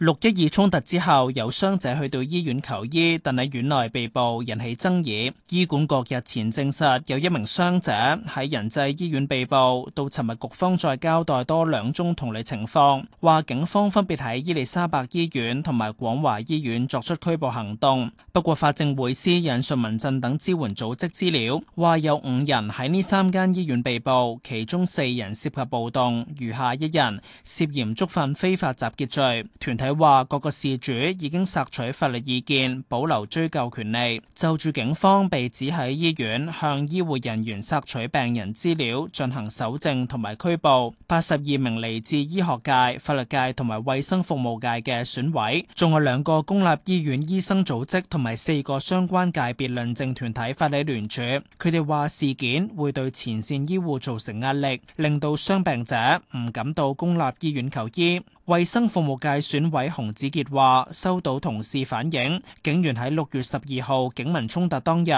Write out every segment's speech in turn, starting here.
六一二衝突之後，有傷者去到醫院求醫，但喺院內被捕，引起爭議。醫管局日前證實有一名傷者喺仁濟醫院被捕，到尋日局方再交代多兩宗同類情況，話警方分別喺伊利沙伯醫院同埋廣華醫院作出拘捕行動。不過，法政匯思引述民陣等支援組織資料，話有五人喺呢三間醫院被捕，其中四人涉及暴動，餘下一人涉嫌觸犯非法集結罪。團體。佢話各個事主已經索取法律意見，保留追究權利。就住警方被指喺醫院向醫護人員索取病人資料，進行搜證同埋拘捕，八十二名嚟自醫學界、法律界同埋衛生服務界嘅選委，仲有兩個公立醫院醫生組織同埋四個相關界別論政團體發起聯署，佢哋話事件會對前線醫護造成壓力，令到傷病者唔敢到公立醫院求醫。衛生服務界選委洪子杰話：收到同事反映，警員喺六月十二號警民衝突當日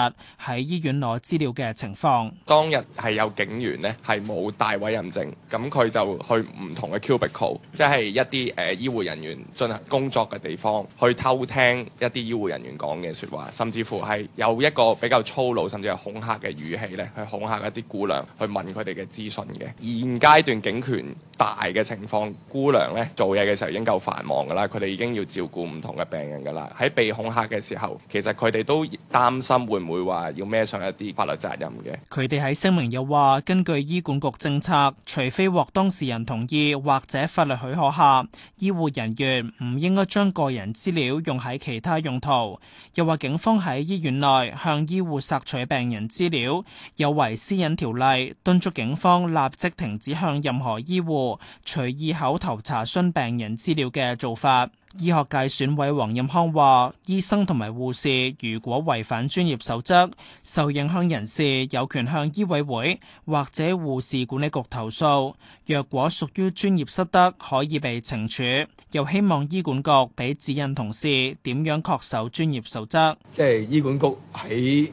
喺醫院攞資料嘅情況。當日係有警員呢，係冇戴委任證，咁佢就去唔同嘅 cubicle 即係一啲誒、呃、醫護人員進行工作嘅地方，去偷聽一啲醫護人員講嘅說話，甚至乎係有一個比較粗魯，甚至係恐嚇嘅語氣咧，去恐嚇一啲姑娘去問佢哋嘅資訊嘅。現階段警權大嘅情況，姑娘咧。做嘢嘅時候已經夠繁忙噶啦，佢哋已經要照顧唔同嘅病人噶啦。喺被恐嚇嘅時候，其實，佢哋都擔心會唔會話要孭上一啲法律責任嘅。佢哋喺聲明又話，根據醫管局政策，除非獲當事人同意或者法律許可下，醫護人員唔應該將個人資料用喺其他用途。又話警方喺醫院內向醫護索取病人資料，有違私隱條例，敦促警方立即停止向任何醫護隨意口頭查詢。病人資料嘅做法，醫學界選委黃任康話，醫生同埋護士如果違反專業守則，受影響人士有權向醫委會或者護士管理局投訴。若果屬於專業失德，可以被懲處。又希望醫管局俾指引同事點樣確守專業守則。即係醫管局喺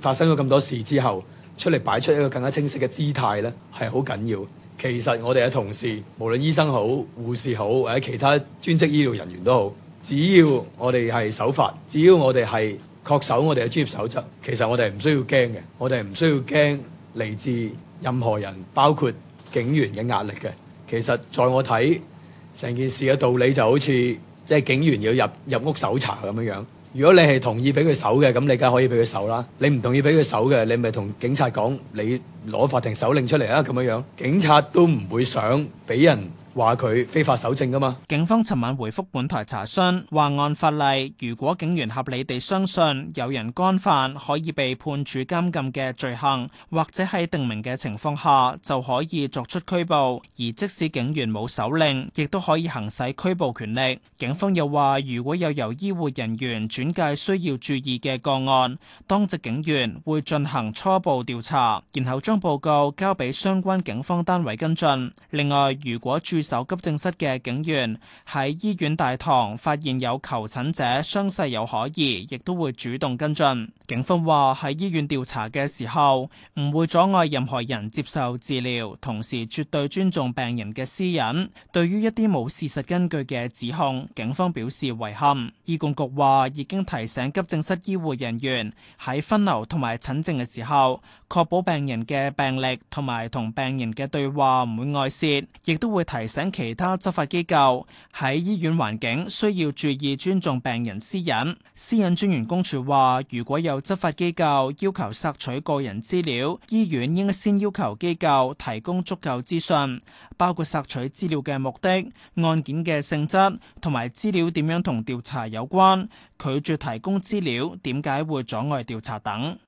發生咗咁多事之後，出嚟擺出一個更加清晰嘅姿態咧，係好緊要。其實我哋嘅同事，無論醫生好、護士好，或者其他專職醫療人員都好，只要我哋係守法，只要我哋係確守我哋嘅專業守則，其實我哋唔需要驚嘅，我哋唔需要驚嚟自任何人，包括警員嘅壓力嘅。其實在我睇，成件事嘅道理就好似即係警員要入入屋搜查咁樣樣。如果你係同意俾佢守嘅，咁你梗係可以俾佢守啦。你唔同意俾佢守嘅，你咪同警察講，你攞法庭手令出嚟啊！咁樣警察都唔會想俾人。話佢非法搜證噶嘛？警方尋晚回覆本台查詢，話按法例，如果警員合理地相信有人干犯可以被判處監禁嘅罪行，或者喺訂明嘅情況下，就可以作出拘捕。而即使警員冇手令，亦都可以行使拘捕權力。警方又話，如果有由醫護人員轉介需要注意嘅個案，當值警員會進行初步調查，然後將報告交俾相關警方單位跟進。另外，如果注走急症室嘅警員喺醫院大堂發現有求診者傷勢有可疑，亦都會主動跟進。警方話喺醫院調查嘅時候唔會阻礙任何人接受治療，同時絕對尊重病人嘅私隱。對於一啲冇事實根據嘅指控，警方表示遺憾。醫管局話已經提醒急症室醫護人員喺分流同埋診症嘅時候，確保病人嘅病歷同埋同病人嘅對話唔會外泄，亦都會提提醒其他執法機構喺醫院環境需要注意尊重病人私隱。私隱專員公署話，如果有執法機構要求索取個人資料，醫院應先要求機構提供足夠資訊，包括索取資料嘅目的、案件嘅性質，同埋資料點樣同調查有關，拒絕提供資料點解會阻礙調查等。